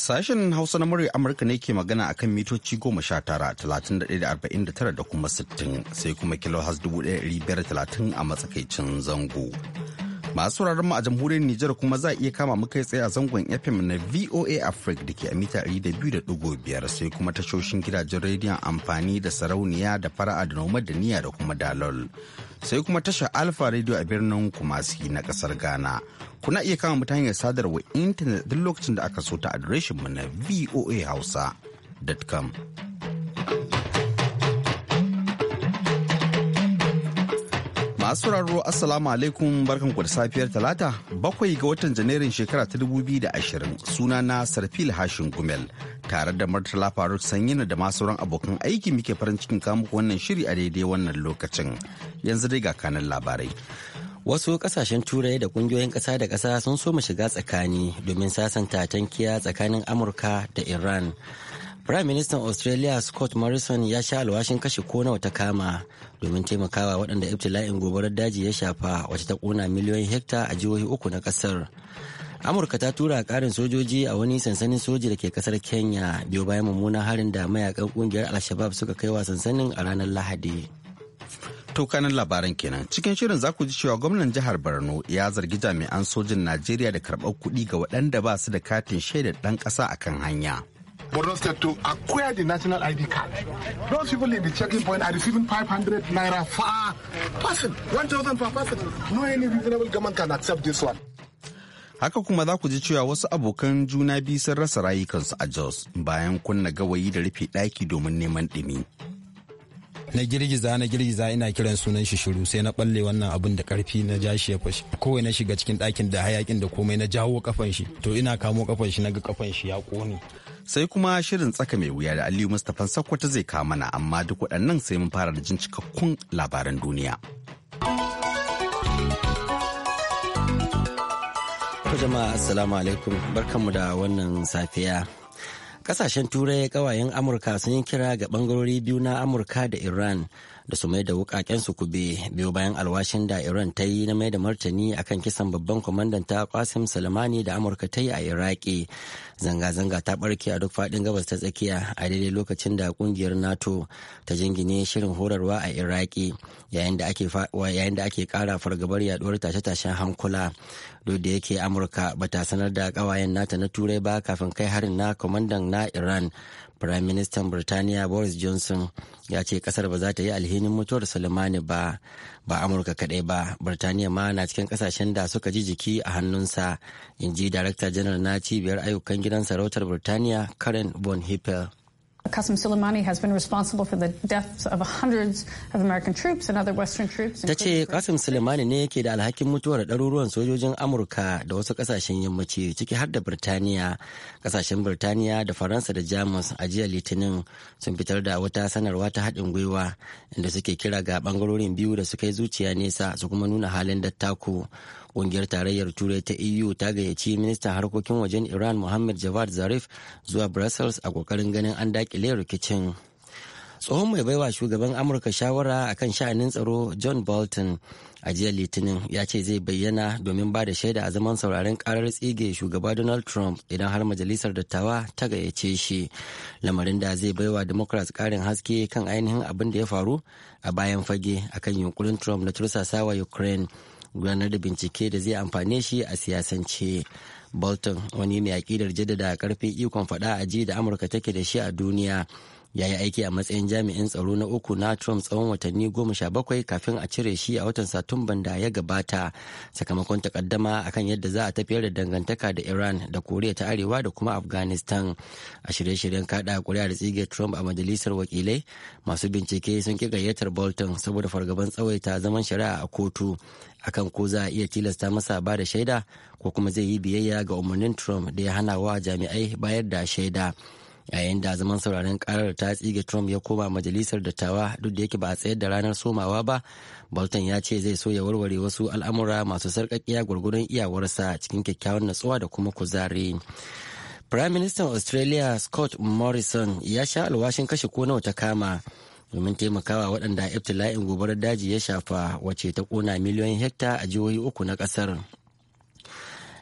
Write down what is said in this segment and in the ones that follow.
Sashen Hausa na murya Amurka ne ke magana a kan mitoci goma sha tara, talatin da da arba'in da tara da kuma sittin sai kuma kilohas dubu ɗaya biyar talatin a matsakaicin zango. Masu sauraron mu a jamhuriyar Nijar kuma za a iya kama mu kai tsaye a zangon FM na VOA Africa da ke a mita ɗari sai kuma tashoshin gidajen rediyon amfani da sarauniya da fara'a da noma da niyya da kuma dalol. sai kuma tashar Alfa Radio a birnin Kumasi na kasar Ghana. Kuna iya kama mutane hanyar sadarwa intanet duk lokacin da aka so ta adireshin mu na voa hausa.com Masu sauraro Assalamu alaikum ku da safiyar Talata bakwai ga watan Janairun shekara ta dubu biyu da ashirin, suna na Sarfil Hashin Gumel tare da Murtala Faruk na da masu sauran abokan aiki muke farin cikin kamuku wannan shiri a daidai wannan lokacin yanzu dai ga kanan labarai. Wasu kasashen turai da kungiyoyin kasa da kasa sun so mu shiga tsakani domin sasanta tankiya tsakanin Amurka da Iran. Prime Minister Australia Scott Morrison ya sha alwashin kashe ko nawa ta kama domin taimakawa waɗanda ibtila'in gobarar daji ya shafa wacce ta ƙona miliyoyin hekta a jihohi uku na ƙasar. Amurka ta tura ƙarin sojoji a wani sansanin soji da ke ƙasar Kenya biyo bayan mummunan harin da mayakan ƙungiyar Al-Shabaab suka kai wa sansanin a ranar Lahadi. tokanin labaran kenan cikin shirin za ku ji cewa gwamnan jihar borno ya zargi jami'an sojin najeriya da karɓar kuɗi ga waɗanda ba su da katin shaidar ɗan ƙasa akan hanya. Borno State to acquire the national ID card. Those people in the checking point are receiving 500 naira per person, 1,000 per person. No any reasonable government can accept this one. Haka kuma za ku ji cewa wasu abokan juna biyu sun rasa rayukansu a Jos bayan kunna gawayi da rufe ɗaki domin neman ɗumi. na girgiza na girgiza ina kiran sunan shi shiru sai na balle wannan abin da karfi na ja shi ya fashi kowai na shiga cikin ɗakin da hayakin da komai na jawo kafan shi to ina kamo kafan shi ga kafan shi ya kone sai kuma shirin tsaka mai wuya da aliyu mustapha sakwata zai kawo mana amma duk waɗannan sai mun fara da jin cikakkun labaran duniya jama'a assalamu alaikum barkanmu da wannan safiya kasashen turai kawayen amurka sun yi kira ga bangarori biyu na amurka da iran da su mai da wukaken su kube biyu bayan alwashin da iran ta yi na mai da martani akan kisan babban kwamandan ta kwasim salamani da amurka ta yi a iraki zanga-zanga ta barke a duk fadin gabas ta tsakiya a daidai lokacin da kungiyar nato ta jingine shirin horarwa a iraki yayin da ake kara fargabar yaduwar tashe-tashen hankula duk da yake amurka bata sanar da kawayen nata na turai ba kafin kai harin na kwamandan na iran Prime Minister Birtaniya Boris Johnson ya ce kasar ba za ta yi alhinin mutuwar sulemani ba ba Amurka kadai ba Birtaniya ma na cikin kasashen da suka ji jiki a hannunsa in ji Darakta Janar na cibiyar ayyukan gidan sarautar Birtaniya Karen Von Hippel. Qasem Soleimani has been responsible for the deaths of hundreds of American troops and other Western troops. Ta ce Qasem Soleimani ne yake da alhakin mutuwar ɗaruruwan sojojin Amurka da wasu kasashen yammaci ciki har da Birtaniya. Ƙasashen Birtaniya da Faransa da Jamus a jiya Litinin sun fitar da wata sanarwa ta haɗin gwiwa inda suke kira ga ɓangarorin biyu da suka yi zuciya nesa su kuma nuna halin dattako. Ƙungiyar tarayyar Turai ta EU ta gayyaci ministan harkokin wajen Iran Mohammed Javad Zarif zuwa Brussels a ƙoƙarin ganin an dakile rikicin. tsohon mai baiwa shugaban amurka shawara akan sha'anin tsaro john bolton a jiya litinin ya ce zai bayyana domin ba da shaida a zaman sauraren karar tsige shugaba donald trump idan har majalisar dattawa ta gayyace shi lamarin da zai baiwa democrats karin haske kan ainihin abin da ya faru a bayan fage akan yunkurin trump na tursasawa ukraine gudanar da bincike da zai amfane shi a siyasance bolton wani mai aƙidar jaddada karfin ikon faɗa a ji da amurka take da shi a duniya ya yi aiki a matsayin jami'in tsaro na uku na trump tsawon watanni goma sha bakwai kafin a cire shi a watan satumban da ya gabata sakamakon takaddama akan yadda za a tafiyar da dangantaka da iran da koriya ta arewa da kuma afghanistan a shirye-shiryen kada kuri'a da tsige trump a majalisar wakilai masu bincike sun ki gayyatar bolton saboda fargaban tsawaita zaman shari'a a kotu akan ko za a iya tilasta masa ba da shaida ko kuma zai yi biyayya ga umarnin trump da ya hana wa jami'ai bayar da shaida yayin da zaman sauraren karar ta tsige trump ya koma majalisar dattawa duk da yake ba a tsayar da ranar somawa ba bolton ya ce zai so ya warware wasu al'amura masu sarkakkiya gwargwadon iyawarsa cikin kyakkyawan natsuwa da kuma kuzari prime minister australia scott morrison ya sha alwashin kashe ko nawa ta kama domin taimakawa waɗanda iftila'in gobarar daji ya shafa wace ta ƙona miliyoyin hekta a jihohi uku na ƙasar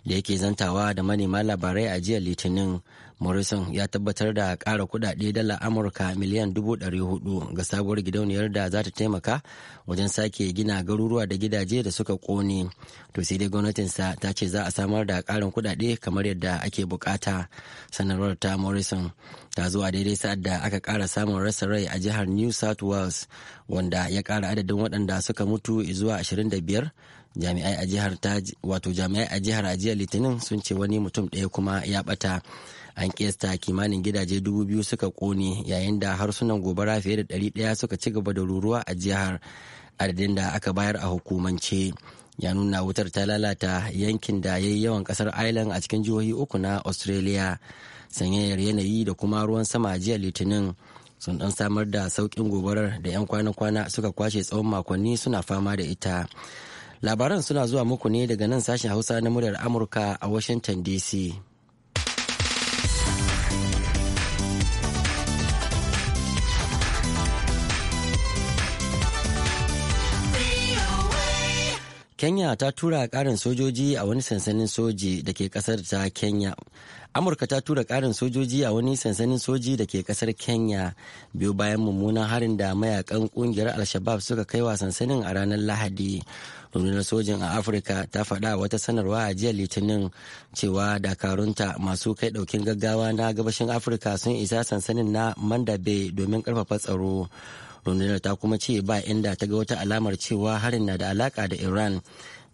da yake zantawa da manema labarai a jiya litinin morrison ya tabbatar da kara kudade dala amurka miliyan hudu ga sabuwar gidauniyar da za ta taimaka wajen sake gina garuruwa da gidaje da suka kone to sai dai gwamnatinsa ta ce za a samar da karin kudade kamar yadda ake bukata sanarwar ta morrison ta zuwa daidai sa'ad da aka kara samun rasa rai a jihar new south wales wanda ya kara adadin waɗanda suka mutu zuwa 25 jami'ai a jihar wato jami'ai a jihar a litinin sun ce wani mutum ɗaya kuma ya ɓata an kesta kimanin gidaje dubu biyu suka kone yayin da harsunan gobara fiye da ɗari ɗaya suka ci gaba da ruruwa a jihar adadin da aka bayar a hukumance ya nuna wutar ta lalata yankin da ya yi yawan kasar ireland a cikin jihohi uku na australia sanyayyar yanayi da kuma ruwan sama jiya litinin sun dan samar da sauƙin gobarar da 'yan kwana-kwana suka kwashe tsawon makonni suna fama da ita labaran suna zuwa muku ne daga nan sashen hausa na muryar amurka a washington dc Kenya ta tura ƙarin sojoji a wani sansanin soji da ke ƙasar ta Kenya. Amurka ta tura ƙarin sojoji a wani sansanin soji da ke ƙasar Kenya biyu bayan mummunan harin da mayakan ƙungiyar Alshabab suka kai wa sansanin a ranar Lahadi. Rundunar sojin a Afirka ta faɗa wata sanarwa a jiya Litinin cewa dakarunta masu kai ɗaukin gaggawa na gabashin Afirka sun isa sansanin na Mandabe domin ƙarfafa tsaro. rundunar ta kuma ce ba inda ta ga wata alamar cewa harin na da alaka da iran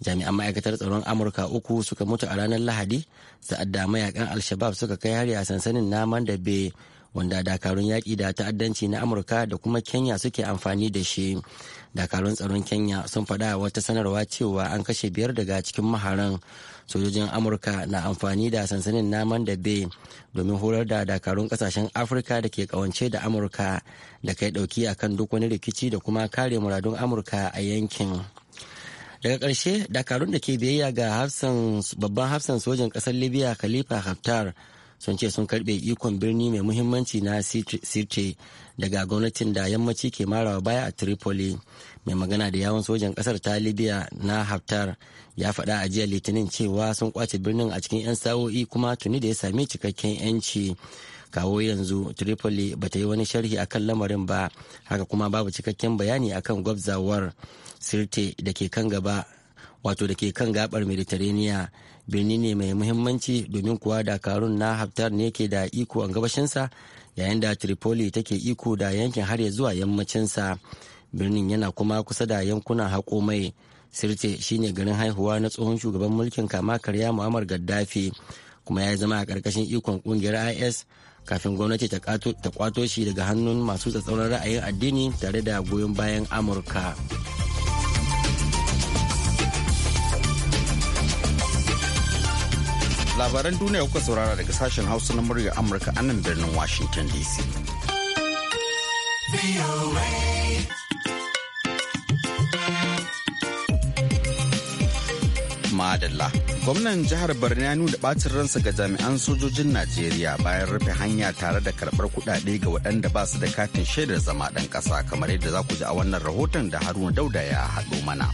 jami'an ma'aikatar tsaron amurka uku suka mutu a ranar lahadi sa'ad da mayakan al-shabab suka kai hari a sansanin naman da bai wanda dakarun yaƙi da ta'addanci na amurka da kuma kenya suke amfani da shi dakarun tsaron kenya sun faɗa wata sanarwa cewa an kashe biyar daga cikin maharan sojojin amurka na amfani da sansanin naman da bay domin horar da dakarun kasashen afirka da ke kawance da amurka da kai ɗauki akan duk wani rikici da kuma kare muradun amurka a yankin daga ƙarshe dakarun da ke biyayya ga babban hafsan sojin ƙasar libya khalifa haftar sun ce sun karbe ikon birni mai muhimmanci na sirte daga gwamnatin da yammaci ke marawa baya a tripoli mai magana da yawon sojan kasar ta libya na haftar ya faɗa a jiya litinin cewa sun kwace birnin a cikin 'yan sa'o'i kuma tuni da ya sami cikakken 'yanci kawo yanzu tripoli ba ta yi wani sharhi akan lamarin ba haka kuma babu cikakken bayani akan gwabzawar sirte da ke kan gaba wato da ke kan gabar mediterania birni ne mai muhimmanci domin kuwa dakarun na haftar ne ke da iko a gabashinsa yayin da tripoli take iko da yankin har ya zuwa yammacinsa birnin yana kuma kusa da yankunan haƙo mai sirte shine garin haihuwa na tsohon shugaban mulkin kama karya muammar gaddafi kuma ya zama a ƙarƙashin ikon ƙungiyar is kafin gwamnati ta kwato shi daga hannun masu tsatsauran ra'ayin addini tare da goyon bayan amurka. labaran duniya kuka saurara daga sashen hausa na murya amurka a nan birnin washington dc madalla gwamnan jihar borno ya nuna bacin ransa ga jami'an sojojin najeriya bayan rufe hanya tare da karbar kudade ga waɗanda ba su da katin shaidar zama ɗan ƙasa kamar yadda za ku ji a wannan rahoton da haruna dauda ya haɗo mana.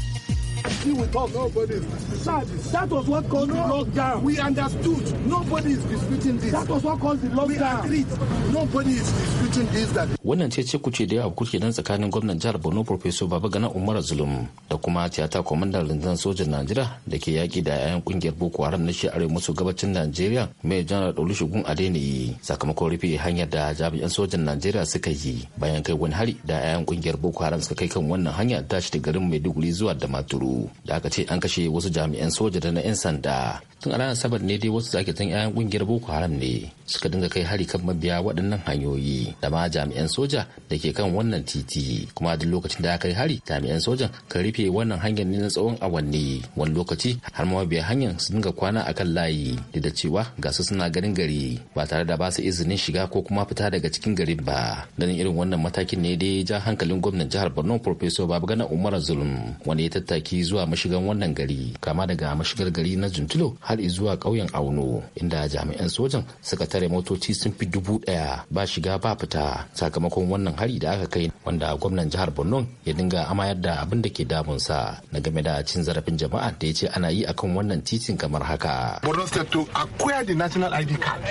Still with us. nobody is Sad. That was what caused no, the lockdown. We understood. Nobody is disputing this. That was what caused the lockdown. We agreed. Nobody is disputing this. That... Wannan ce ce kuce da yawa kuke nan tsakanin gwamnan jihar Borno Professor Babagana Umar Zulum da kuma tiyata kwamandan rundunar sojan Najeriya da ke yaƙi da 'ya'yan kungiyar Boko Haram na shi arewa maso gabacin Najeriya mai janar Olusegun Adeniyi sakamakon rufe hanyar da jami'an sojan Najeriya suka yi bayan kai wani hari da 'ya'yan kungiyar Boko Haram suka kai kan wannan hanya tashi da garin Maiduguri zuwa Damaturu. da aka ce an kashe wasu jami'an soja da na 'yan sanda tun a ranar sabar ne dai wasu zakitan 'ya'yan kungiyar boko haram ne suka dinga kai hari kan mabiya waɗannan hanyoyi da ma jami'an soja da ke kan wannan titi kuma duk lokacin da aka kai hari jami'an sojan ka rufe wannan hanyar ne na tsawon awanni wani lokaci har ma mabiya hanyar su dinga kwana a kan layi duk da cewa ga su suna garin gari ba tare da ba su izinin shiga ko kuma fita daga cikin garin ba ganin irin wannan matakin ne dai ja hankalin gwamnan jihar borno professor gana umar zulum wanda ya tattaki zuwa mashigan wannan gari kama daga mashigar gari na juntulo har zuwa ƙauyen auno inda jami'an sojan suka tare motoci sun fi dubu ɗaya ba shiga ba fita sakamakon wannan hari da aka kai wanda gwamnan jihar borno ya dinga amayar da abin da ke damunsa na game da cin zarafin jama'a da ya ce ana yi akan wannan titin kamar haka. Borno State to acquire the national ID card.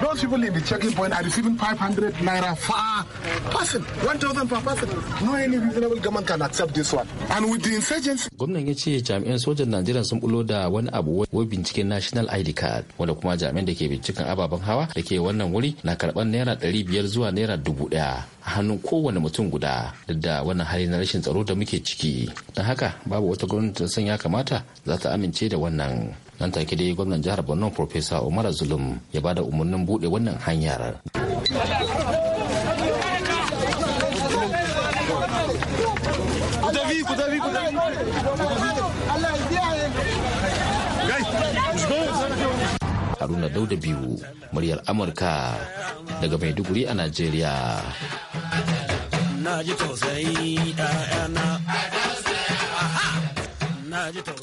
Those people in the checking point are receiving 500 naira per person, 1,000 per person. No any reasonable government can accept this one. And with the insurgents. gwamnan ya ce jami'an sojan najeriya sun bulo da wani abu wai binciken national id card wanda kuma jami'an da ke binciken ababen hawa da ke wannan wuri na karɓar naira ɗari biyar zuwa naira dubu ɗaya a hannun kowane mutum guda duk da wannan hali na rashin tsaro da muke ciki don haka babu wata gwamnati san ya kamata za ta amince da wannan nan take dai gwamnan jihar borno professor umar zulum ya ba da umarnin buɗe wannan hanyar haruna dauda biyu muryar amurka daga maiduguri a najeriya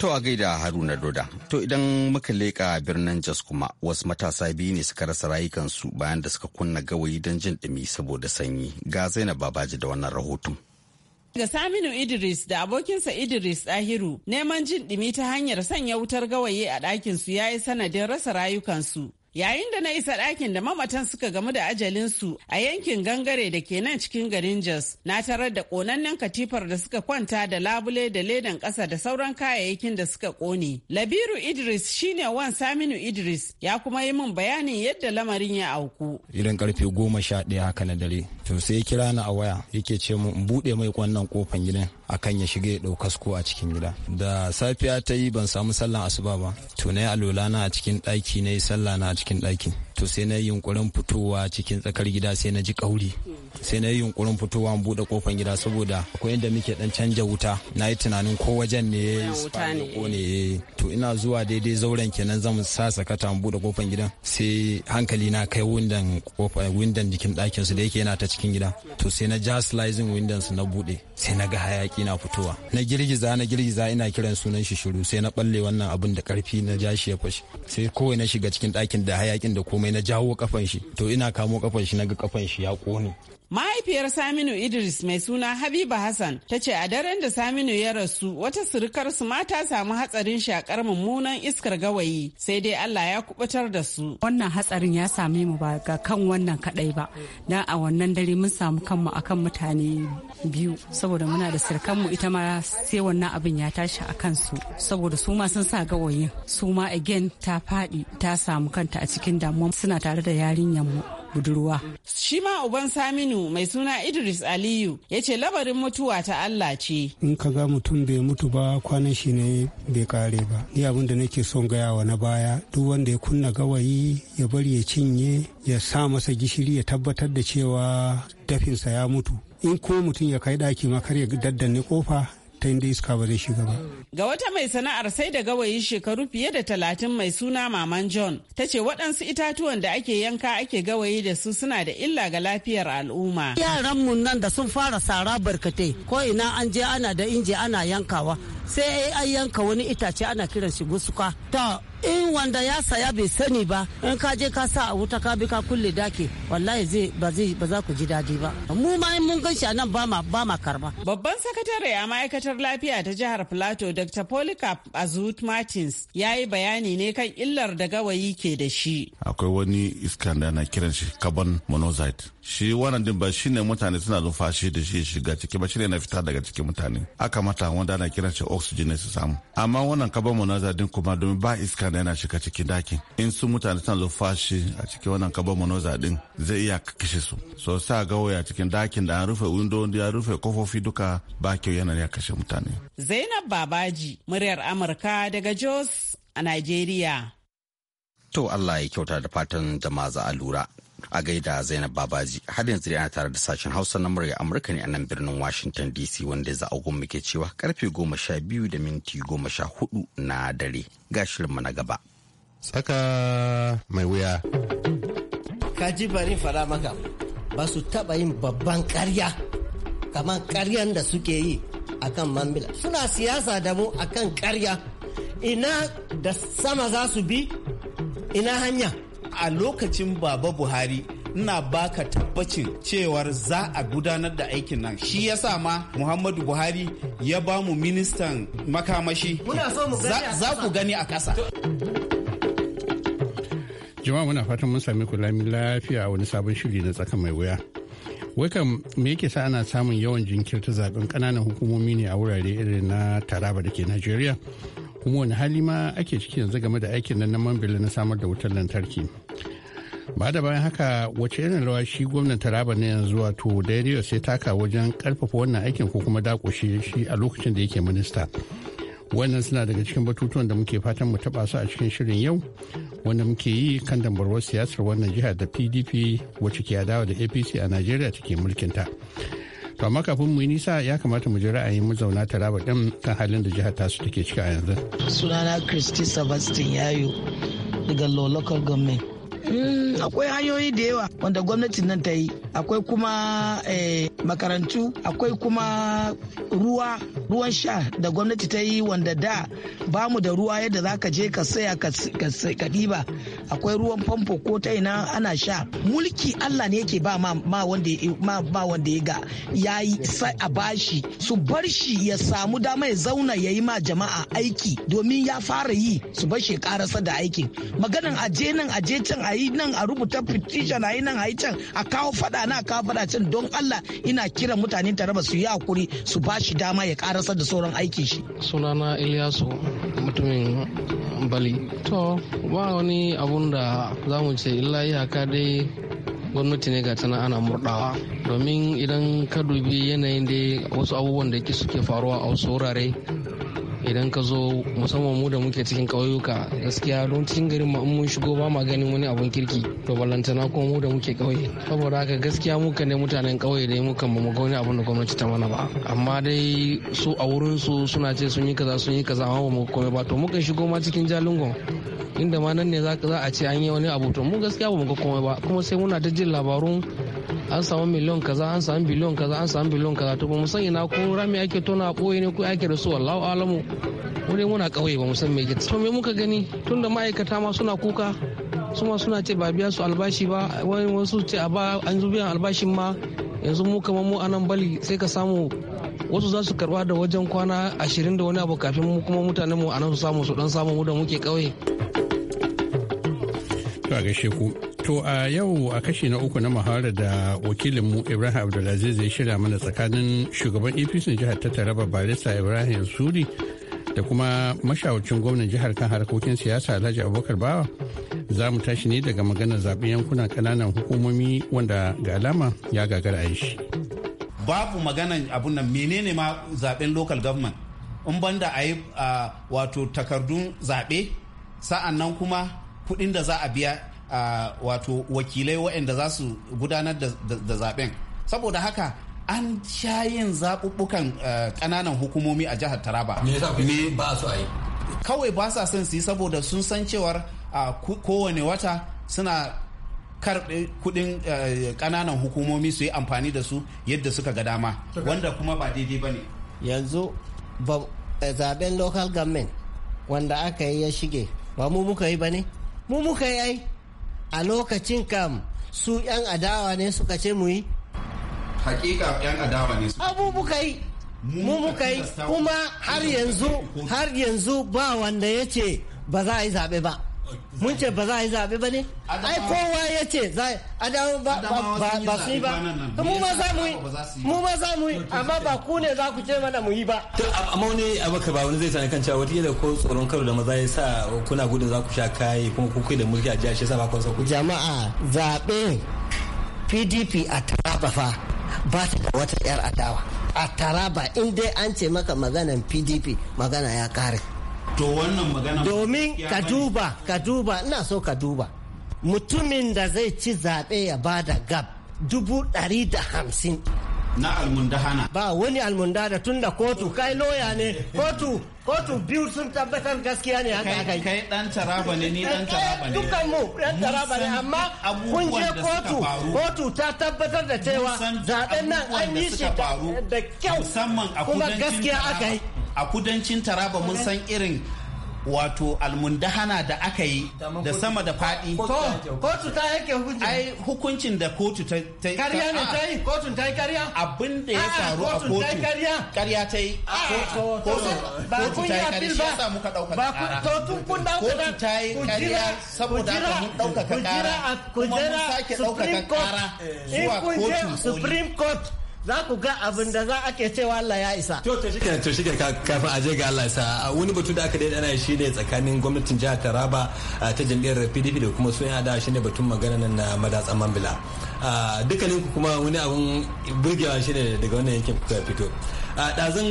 To a gaida Haruna Doda. To idan muka leƙa birnin Jos kuma wasu matasa biyu ne suka rasa rayukansu bayan da suka kunna gawayi don jin ɗumi saboda sanyi. Ga Zainab Babaji da wannan rahoton. Da Saminu Idris da abokinsa Idris Dahiru neman jin ɗimi ta hanyar sanya wutar gawaye a ɗakinsu ya yi sanadin rasa rayukansu. Yayin da na isa ɗakin da mamatan suka gamu da ajalinsu a yankin gangare da ke nan cikin garin Jos, na tarar da ƙonannen katifar da suka kwanta da labule da ledan ƙasa da sauran kayayyakin da suka ƙone. Labiru Idris shine wan Saminu Idris ya kuma yi min bayanin yadda lamarin ya auku. Irin karfe goma sha ɗaya haka na dare. To sai kira ni a waya yake ce mu in buɗe mai kwannan kofan gidan akan ya shiga ya ɗauka kasko a cikin gida da safiya ta yi ban samu sallan asuba ba to na yi alola na a cikin ɗaki na yi sallah na a cikin ɗaki to sai na yi yunkurin fitowa cikin tsakar gida sai na ji ƙauri. sai na yi yunkurin fitowa in buɗe ƙofar gida saboda akwai inda muke dan canja wuta na yi tunanin ko wajen ne ya ko ne to ina zuwa daidai zauren kenan zan sa sakata in buɗe ƙofar gidan sai hankali na kai windan windan jikin ɗakin su da yake yana ta cikin gida to sai na ja slicing windan su na buɗe sai na ga hayaki hayaki na fitowa na girgiza na girgiza ina kiran sunan shi shiru sai na balle wannan abun da karfi na ja shi ya fashi sai kowai na shiga cikin ɗakin da hayakin da komai na jawo kafan shi to ina kamo kafan shi na ga kafan shi ya ƙone Mahaifiyar Saminu Idris mai suna Habiba Hassan ta ce a daren da Saminu ya rasu wata surukar su ma ta samu hatsarin shakar mummunan iskar gawayi sai dai Allah ya kubutar da su. Wannan hatsarin ya same mu ba ga kan wannan kadai ba. Dan a wannan dare mun samu kanmu akan mutane biyu saboda muna da surukar kanmu ita ma sai wannan abin ya tashi a kansu saboda su ma sun sa gawayin su ma again ta faɗi ta samu kanta a cikin damuwa suna tare da yarinyar mu budurwa. Shi ma uban Saminu mai suna Idris Aliyu ya ce labarin mutuwa ta Allah ce. In ka ga mutum bai mutu ba kwanan shi ne bai kare ba. Ni abin da nake son gaya wa na baya duk wanda ya kunna gawayi ya bari ya cinye ya sa masa gishiri ya tabbatar da cewa dafinsa ya mutu in ko mutum ya kai ɗaki ma kar ya daddanne kofa ta inda iska ba zai shiga ba. Ga wata mai sana'ar sai da gawayi shekaru fiye da talatin mai suna Maman John, ta ce waɗansu itatuwan da ake yanka ake gawayi da su suna da illa ga lafiyar al'umma. Yaran mu nan da sun fara sara barkatai, ko ina an je ana da inji ana yankawa, sai ai an yanka wani itace ana kiran shi gusuka ta in wanda ya saya bai sani ba in ka je ka sa a wuta ka bi ka kulle dake wallahi zai ba zai ba za ku ji dadi ba mu ma in mun ganshi a ba ma ba ma karba babban sakatare a ma'aikatar lafiya ta jihar Plateau Dr. Polika Azut Martins ya yi bayani ne kan illar da gawayi ke da shi akwai wani iska da ana kiran shi carbon monoxide shi wannan din ba shine mutane suna numfashi da shi shiga ciki ba shine na fita daga cikin mutane aka mata wanda ana kiran shi oxygen su samu amma wannan mu na din kuma domin ba iska da yana shiga cikin dakin in su mutane suna numfashi a cikin wannan mu na din zai iya kashe su so sa ga waya cikin dakin da an rufe window da an rufe kofofi duka ba kyau yana ya kashe mutane Zainab Babaji muryar Amurka daga Jos a Nigeria To Allah ya kyauta da fatan jama'a za a lura a gaida zainab babaji har yanzu ana tare da sashen hausa na murya amurka ne a nan birnin washington dc wanda za a muke cewa karfe goma sha biyu da minti goma sha hudu na dare ga shirinmu na gaba tsaka mai wuya kaji bari fara maka ba su taba yin babban karya kamar karyan da suke yi akan mambila suna siyasa da mu akan karya ina da sama za su bi ina hanya a lokacin baba buhari ina baka tabbacin cewar za a gudanar da aikin nan shi ya sa ma muhammadu buhari ya ba mu ministan makamashi za ku gani a kasa jama'a muna fatan mun sami kulami lafiya a wani sabon shiri na tsaka mai wuya wai me yake sa ana samun yawan jinkirta zaben kananan hukumomi ne a wurare irin na taraba da ke najeriya kuma wani hali ma ake ciki yanzu game da aikin nan na mambila na samar da wutar lantarki ba da bayan haka wace irin rawa shi gwamnan taraba na yanzu wato daidaiwa sai taka wajen karfafa wannan aikin ko kuma dakoshe shi a lokacin da yake minista wannan suna daga cikin batutuwan da muke fatan mu taba su a cikin shirin yau wanda muke yi kan dambarwar siyasar wannan jihar da pdp wacce ke adawa da apc a najeriya take mulkinta. ta to amma kafin mu yi nisa ya kamata mu ji ra'ayin mazauna taraba din kan halin da jihar tasu take cika a yanzu sunana christy sebastian yayo daga local government Mm, akwai hanyoyi da yawa wanda gwamnatin nan ta yi akwai kuma eh, makarantu akwai kuma ruwa ruwan sha da gwamnati ta yi wanda da ba mu da ruwa yadda za ka je ka saya ka ɗiba akwai ruwan famfo ko ta ina ana sha mulki allah ne yake ba ma wanda ya ga ya yi a bashi su bar shi ya samu dama ya zauna ya yi ma jama'a aiki domin ya fara yi su bar shi ya karasa da aikin maganan aje nan aje can a yi nan a rubuta petition a yi nan a yi can a kawo faɗa na kawo fada can don Allah ina kira mutane taraba su yi hakuri su ba shi dama ya karasa da sauran aikin shi. Sunana Ilyasu mutumin Bali. To ba wani abun da za mu ce illa dai gwamnati ne ga tana ana murdawa domin idan ka dubi yanayin da wasu abubuwan da suke faruwa a wasu wurare idan ka zo musamman mu da muke cikin ƙauyuka gaskiya don cikin garin ma mun shigo ba ma ganin wani abun kirki to ballantana kuma mu da muke ƙauye saboda haka gaskiya muka ne mutanen ƙauye ne muka ba mu ga wani abun da gwamnati ta mana ba amma dai su a wurin su suna ce sun yi kaza sun yi kaza amma ba mu komai ba to muka shigo ma cikin jalingon inda ma nan ne za a ce an yi wani abu to mu gaskiya ba mu ga komai ba kuma sai muna ta jin labarun an samu miliyon kaza an samu biliyon kaza an samu biliyon kaza to ba mu san ina ko rami ake tona ɓoye ne ko ake da su wallahu alamu wani muna kawai ba mu san me ke to me muka gani tunda ma'aikata ma suna kuka su ma suna ce ba biya su albashi ba wani wasu ce a ba an biyan albashin ma yanzu mu kamar mu anan bali sai ka samu wasu za su karba da wajen kwana ashirin da wani abu kafin mu kuma mutanen mu anan su samu su dan samu mu da muke kawai. To gaishe ku To a yau a kashi na uku na mahara da wakilinmu Ibrahim Abdulaziz ya shirya mana tsakanin shugaban APC jihar ta Taraba Barista Ibrahim Suri da kuma mashawarcin gwamnan jihar kan harkokin siyasa Alhaji Abubakar Bawa za mu tashi ne daga maganar zaɓen yankunan ƙananan hukumomi wanda ga alama ya gagara a shi. Babu maganan abun nan menene ma zaɓen local government in banda a yi wato takardun zaɓe sa'an nan kuma kuɗin da za a biya a wato wakilai waɗanda za su gudanar da zaben saboda haka an sha yin zaɓuɓɓukan ƙananan hukumomi a jihar taraba me ba su a yi kawai ba sa son su yi saboda sun san cewar a kowane wata suna karɓe kuɗin ƙananan hukumomi su yi amfani da su yadda suka ga dama wanda kuma ba daidai ba ne yanzu eh, zaben local government wanda aka yi ya shige ba mu muka yi ba ne mu muka yi ai a lokacin kam su 'yan adawa ne suka ce mu yi? Hakika 'yan adawa ne su. Abubuka yi, mu muka yi kuma har yanzu har yanzu ba wanda ya ce ba za a yi zaɓe ba. mun ce ba za a yi zaɓe ba ne ai kowa ya ce za a dawo ba su yi ba mu ma za mu yi mu ma za mu yi amma ba ku ne za ku ce mana mu yi ba amma wani abaka ba wani zai sani kan cewa wata ko tsoron karo da maza ya sa kuna gudun za ku sha kaye kuma ku da mulki a jiya shi sa ba ku jama'a zaɓe pdp a taraba fa ba ta da wata yar adawa a taraba in dai an ce maka maganan pdp magana ya kare to wannan magana domin ka duba ka duba ina so ka duba mutumin da zai ci zaɓe ya ba da gab dubu ɗari da hamsin na almundahana ba wani da tun da kotu kai loya ne kotu kotu biyu sun tabbatar gaskiya ne haka kai kai dan taraba ne ni dan eh, taraba ne dukkan mu dan taraba ne amma kun je kotu kotu ta tabbatar da cewa zaɓen nan an yi shi da kyau kuma gaskiya aka yi a kudancin taraba mun san irin wato almundahana da aka yi da sama da faɗi. kotu ta yake hukuncin ai hukuncin da kotu ta ta kariya ne ta yi kotun ta yi kariya abin da ya faru a kotu ta yi kariya kariya ta yi kotu ba kun yi appeal ba sa muka dauka ba to tun kun dauka kotu ta yi kariya saboda haka mun dauka kara kuma mun sake dauka kara zuwa kotu supreme court za ku ga abin da za a ke cewa Allah ya isa. To to shi to shi kafin aje ga Allah isa wani batu da aka daidana shi ne tsakanin gwamnatin jihar Taraba ta jam'iyyar PDP da kuma sun hada shi ne batun magana nan na madatsan Mambila. Dukkanin ku kuma wani abun burgewa shi ne daga wannan yankin kuka fito. Ɗazun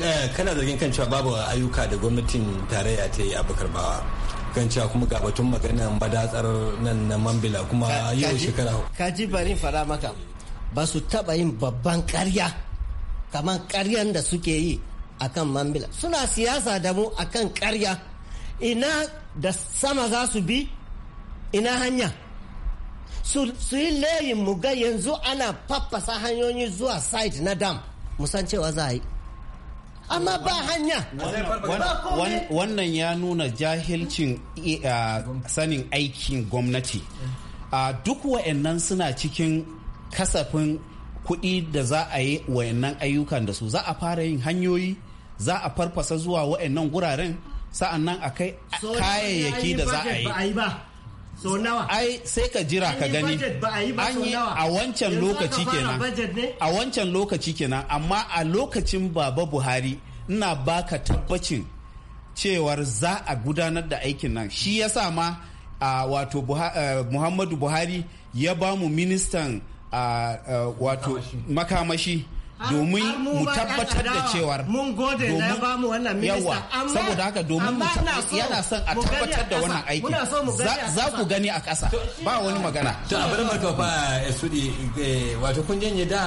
eh, kana zargin kan cewa babu ayyuka da gwamnatin tarayya ta yi abokar bawa. kan cewa kuma ga batun magana madatsar nan na mambila kuma yau shekara. Kaji bari fara maka. ba su taɓa yin babban karya kamar karyan da suke yi a kan mambila suna siyasa da mu a kan karya ina da sama za su bi ina hanya su yi layin mu ga yanzu ana faffasa hanyoyi zuwa site na dam musan cewa za a yi amma ba hanya wannan ya nuna jahilcin sanin aikin gwamnati duk wa'annan suna cikin kasafin kuɗi da za a yi wayannan ayyukan da su za a fara yin hanyoyi za a farfasa zuwa wayannan guraren sa'annan a kai kayayyaki da za a yi ai sai ka jira ka gani a wancan lokaci kenan a wancan lokaci kenan amma a lokacin baba buhari ina baka tabbacin cewar za a gudanar da aikin nan shi ya sa ma a wato eh, muhammadu buhari ya ba mu ministan a wato makamashi domin mu tabbatar da cewar mun gode na ba mu wannan minista saboda haka domin mu yana son a tabbatar da wannan aiki za ku gani a kasa ba wani magana to a bari marka fa eh, sudi eh, wato kun janye da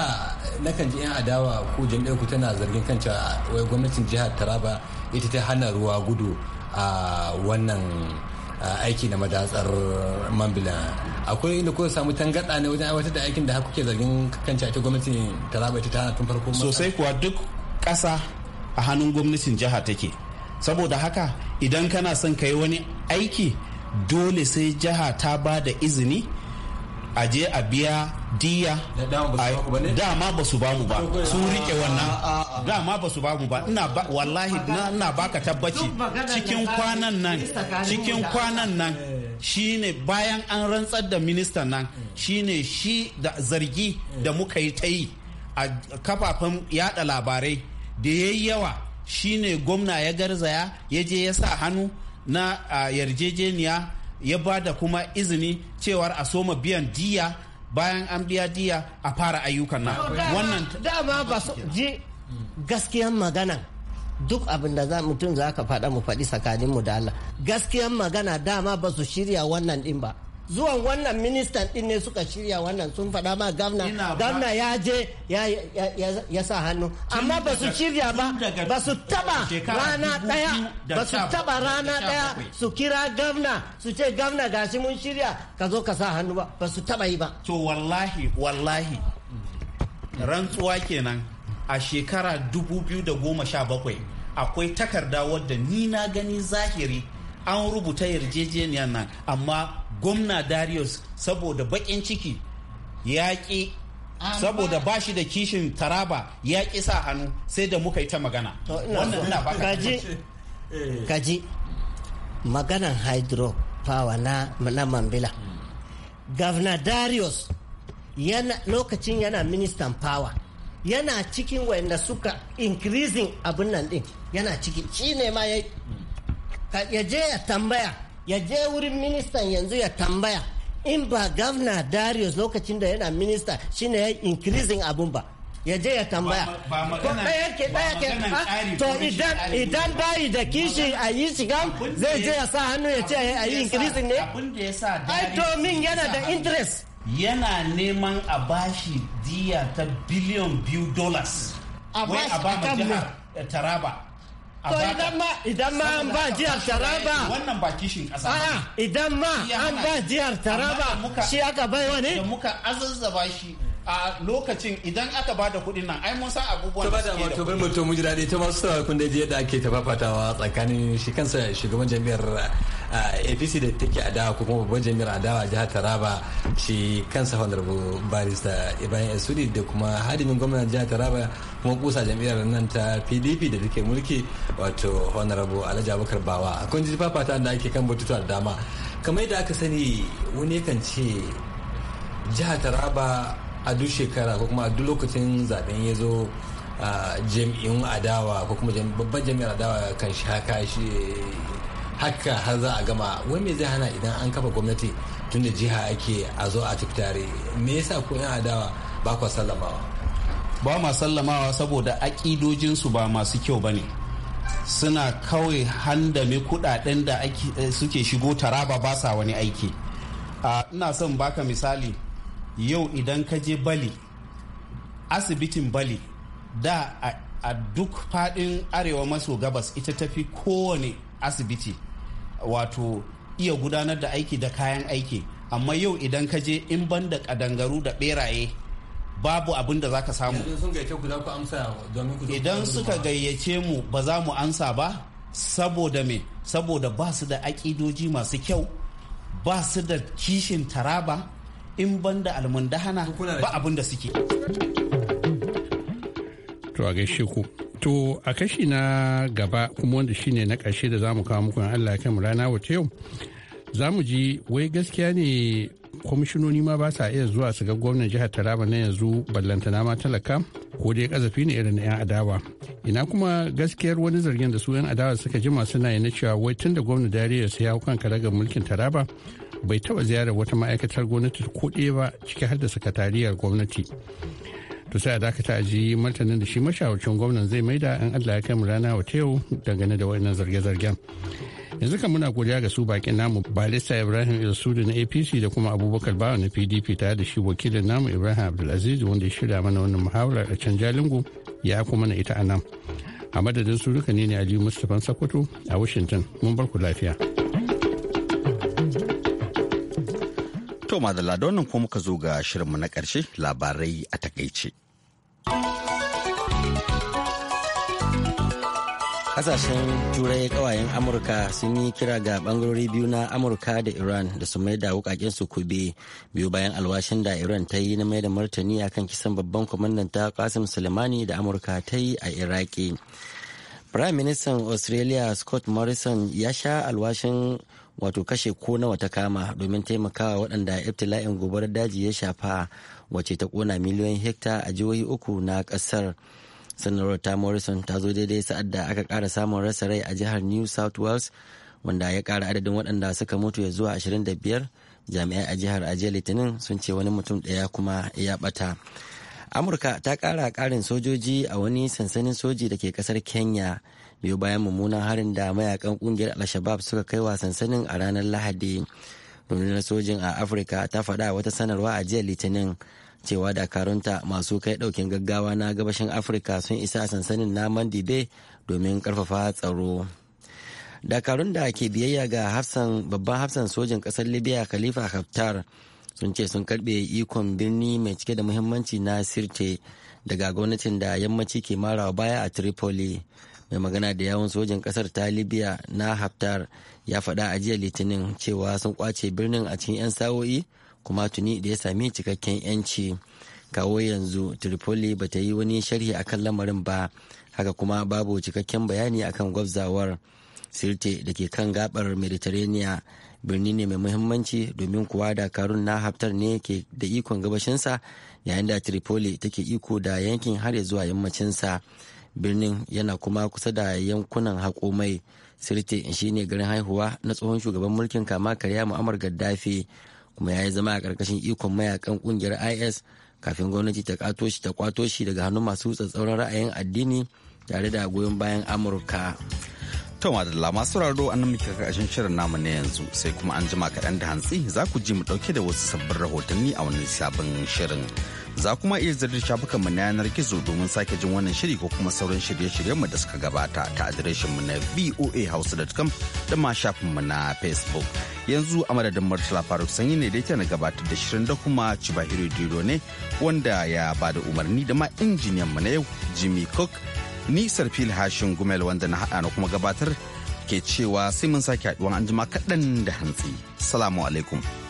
nakan ji yan adawa ko jami'ar ku tana zargin kanta wai gwamnatin jihar Taraba ita ta hana ruwa gudu a wannan aiki na madatsar Mambila akwai inda kuka samu tangarɗa ne wajen aiwatar da aikin da haka kuke zargin kan ta gwamnati ta raba ita ta tun farko sosai kuwa duk ƙasa a hannun gwamnatin jiha take saboda haka idan kana son ka yi wani aiki dole sai jiha ta ba da izini a je a biya diya dama ba su mu ba sun rike wannan dama ba su mu ba ina ba wallahi ina baka tabbaci cikin kwanan nan cikin kwanan nan shine bayan an rantsar da ministan nan shine shi da zargi da muka yi ta yi a kafafen yada labarai da ya yi yawa shine gwamna ya garzaya ya je ya sa hannu na yarjejeniya ya ba da kuma izini cewar a soma biyan diya bayan an biya diya a fara ayyukan nan wannan dama ba je gaskiyan maganan duk abin da za mutum za ka faɗa mu faɗi tsakanin mu da Allah gaskiyan magana dama ba su shirya wannan din ba zuwan wannan ministan din ne suka shirya wannan sun faɗa ma gamna gamna ya je ya sa hannu amma ba su shirya ba ba su taba rana daya ba su taba rana daya su kira gamna su ce gavna gashi mun shirya ka zo ka sa hannu ba ba su taba yi ba to wallahi wallahi rantsuwa kenan a shekara 2017 akwai takarda wadda ni na gani zahiri an rubuta yarjejeniyar nan amma gwamna darius saboda bakin ciki ya ki saboda ba shi da kishin taraba ya ki sa hannu sai da muka yi ta magana wannan ina kaji eh. kaji maganan hydro power na, na mambila hmm. governor darius yana lokacin yana ministan power yana cikin wanda suka increasing abin nan din yana ciki shi ne ma ya ya je ya tambaya ya je wurin ministan yanzu ya tambaya in ba governor darius lokacin da yana minista ne ya increasing abun ba ya je ya tambaya ko ɗaya ke ɗaya ke ah, to idan idan bayi da kishi a yi shigan zai je ya sa hannu ya ce a yi increasing ne ai to min yana da interest yana neman a bashi diya ta biliyan biyu dollars wai a ba ma jihar eh, taraba to idan ma idan ma an ba jihar taraba wannan ba kishin kasa a'a idan ma an ba jihar taraba shi aka bai wani! da muka azazzaba bashi a lokacin idan aka ba da kuɗin nan ai mun san abubuwan da suke da kuɗi. To mun ji daɗi ta masu sauraro kun da yadda ake tafafatawa tsakanin shi kansa shugaban jami'ar APC da take adawa ko kuma babban jami'ar adawa jihar Taraba shi kansa honorable barista Ibrahim Esudi da kuma hadimin gwamnan jihar Taraba kuma kusa jami'ar nan ta PDP da take mulki wato honorable Alhaji Abubakar Bawa kun ji da ake kan batutu da dama kamar yadda aka sani wani kan ce jihar Taraba a duk shekara ko kuma a duk lokacin zaben ya zo jami'in adawa ko kuma babban jami'ar adawa kan shi haka shi haka har za a gama wai me zai hana idan an kafa gwamnati tun da jiha ake a zo a tafi tare me yasa ko yan adawa ba kwa sallamawa ba ma sallamawa saboda aƙidojinsu ba masu kyau ba ne suna kawai handame kuɗaɗen da eh, suke shigo taraba ba sa wani aiki ina son baka misali yau idan ka je bali asibitin bali da a duk fadin arewa maso gabas ita tafi kowane asibiti wato iya gudanar da aiki da kayan aiki amma yau idan ka je in ban da kadangaru da beraye babu abin da za ka samu idan suka gayyace mu ba za mu ansa ba saboda me saboda ba su da aƙidoji masu kyau ba su da kishin taraba in banda almundahana ba abin da suke to a gaishe ku to a kashi na gaba kuma wanda shine na ƙarshe da zamu kawo muku Allah ya mu rana wata yau za mu ji wai gaskiya ne kwamishinoni ma ba sa iya zuwa su ga gwamnan jihar taraba na yanzu ballantana ma talaka ko dai kazafi ne irin na 'yan adawa ina kuma gaskiyar wani zargin da su 'yan adawa suka jima suna yi na cewa wai tun da gwamnan dariya sai ya kan karagar mulkin taraba bai taɓa ziyarar wata ma'aikatar gwamnati ko ɗaya ba ciki har da sakatariyar gwamnati to sai a dakata a ji martanin da shi mashawarcin gwamnan zai maida an allah ya kai mu rana wata yau dangane da wannan zarge-zargen yanzu kan muna godiya ga su bakin namu balista ibrahim ilsudu na apc da kuma abubakar bawa na pdp tare da shi wakilin namu ibrahim abdulaziz wanda ya shirya mana wannan muhawarar a can jalingo ya kuma na ita a nan a madadin su ne ne aliyu mustapha sakoto a washington mun bar ku lafiya. To madalla da wannan kuma muka zo ga shirinmu na ƙarshe labarai a takaice. Kasashen turai kawayen Amurka sun yi kira ga bangarori biyu na Amurka da Iran da su mai da wukaken su kube biyu bayan alwashin da Iran ta yi na mai da martani kan kisan babban kwamandan ta Qasim Soleimani da Amurka ta yi a Iraki. Prime Minister Australia Scott Morrison ya sha alwashin wato kashe ko nawa ta kama domin taimakawa waɗanda iftila'in gobarar daji ya shafa wace ta kona miliyoyin hekta a jihohi uku na ƙasar sanarwar ta morrison ta zo daidai sa'ad da aka ƙara samun rasa rai a jihar new south wales wanda ya ƙara adadin waɗanda suka mutu ya zuwa 25 jami'ai a jihar ajiyar litinin sun ce wani mutum ɗaya kuma ya ɓata amurka ta ƙara ƙarin sojoji a wani sansanin soji da ke ƙasar kenya biyo bayan mummunan harin da mayakan kungiyar al-shabab suka kai wa sansanin a ranar lahadi rundunar sojin a afirka ta faɗa wata sanarwa a jiya litinin cewa dakarunta masu kai ɗaukin gaggawa na gabashin afirka sun isa sansanin na mandibe domin karfafa tsaro dakarun da ke biyayya ga babban hafsan sojin ƙasar libya khalifa haftar sun ce sun karbe ikon birni mai cike da muhimmanci na sirte daga gwamnatin da yammaci ke marawa baya a tripoli mai magana da yawon sojin kasar ta libya na haftar ya faɗa a jiya litinin cewa sun kwace birnin a cikin 'yan sa'o'i kuma tuni da ya sami cikakken 'yanci kawo yanzu tripoli ba ta yi wani sharhi akan lamarin ba haka kuma babu cikakken bayani akan gwabzawar sirte da ke kan gabar mediterranean birni ne mai muhimmanci domin kuwa dakarun na haftar ne ke da ikon gabashinsa yayin da tripoli take iko da yankin har zuwa yammacinsa birnin yana kuma kusa da yankunan hakomai sirte shine garin haihuwa na tsohon shugaban mulkin kama karya mu'amar gaddafi kuma ya yi zama a karkashin ikon mayakan ƙungiyar is kafin gwamnati ta kato shi ta kwato shi daga hannun masu tsatsauran ra'ayin addini tare da goyon bayan amurka to madalla masu raro an muke karkashin shirin namu na yanzu sai kuma an jima kaɗan da hantsi za ku ji mu ɗauke da wasu sabbin rahotanni a wani sabon shirin Za kuma iya zirin shafukanmu na yanar gizo domin sake jin wannan shiri ko kuma sauran shirye-shiryenmu da suka gabata ta adireshinmu na voahouse.com da ma shafinmu na Facebook. Yanzu a madadin Murtala Faruk Sanyi ne da yake na gabatar da shirin da kuma Cibahiru Diro ne wanda ya ba da umarni da ma injiniyanmu na yau Jimmy Cook. Ni Sarfil Hashin Gumel wanda na haɗa na kuma gabatar ke cewa sai mun sake haɗuwa an jima kaɗan da hantsi. Salamu alaikum.